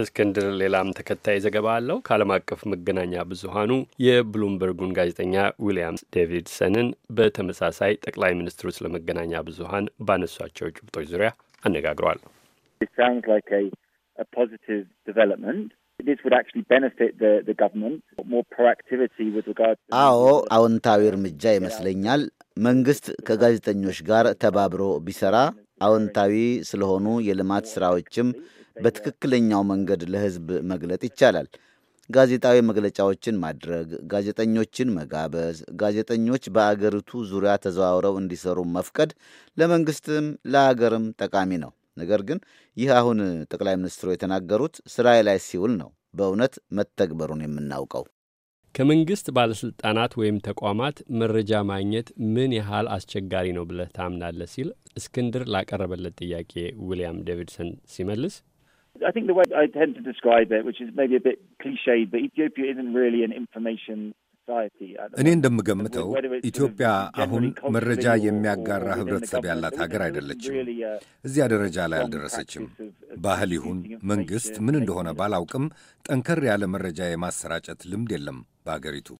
እስክንድር ሌላም ተከታይ ዘገባ አለው። ከዓለም አቀፍ መገናኛ ብዙሃኑ የብሉምበርጉን ጋዜጠኛ ዊልያም ዴቪድሰንን በተመሳሳይ ጠቅላይ ሚኒስትሩ ስለ መገናኛ ብዙሃን ባነሷቸው ጭብጦች ዙሪያ አነጋግሯል። አዎ አዎንታዊ እርምጃ ይመስለኛል። መንግስት ከጋዜጠኞች ጋር ተባብሮ ቢሰራ አዎንታዊ ስለሆኑ የልማት ሥራዎችም በትክክለኛው መንገድ ለሕዝብ መግለጥ ይቻላል። ጋዜጣዊ መግለጫዎችን ማድረግ፣ ጋዜጠኞችን መጋበዝ፣ ጋዜጠኞች በአገሪቱ ዙሪያ ተዘዋውረው እንዲሰሩ መፍቀድ ለመንግሥትም ለአገርም ጠቃሚ ነው። ነገር ግን ይህ አሁን ጠቅላይ ሚኒስትሩ የተናገሩት ስራዬ ላይ ሲውል ነው በእውነት መተግበሩን የምናውቀው። ከመንግሥት ባለሥልጣናት ወይም ተቋማት መረጃ ማግኘት ምን ያህል አስቸጋሪ ነው ብለህ ታምናለህ? ሲል እስክንድር ላቀረበለት ጥያቄ ዊልያም ዴቪድሰን ሲመልስ እኔ እንደምገምተው ኢትዮጵያ አሁን መረጃ የሚያጋራ ህብረተሰብ ያላት ሀገር አይደለችም። uh, እዚያ ደረጃ ላይ አልደረሰችም። ባህል ይሁን መንግሥት ምን እንደሆነ ባላውቅም ጠንከር ያለ መረጃ የማሰራጨት ልምድ የለም በአገሪቱ።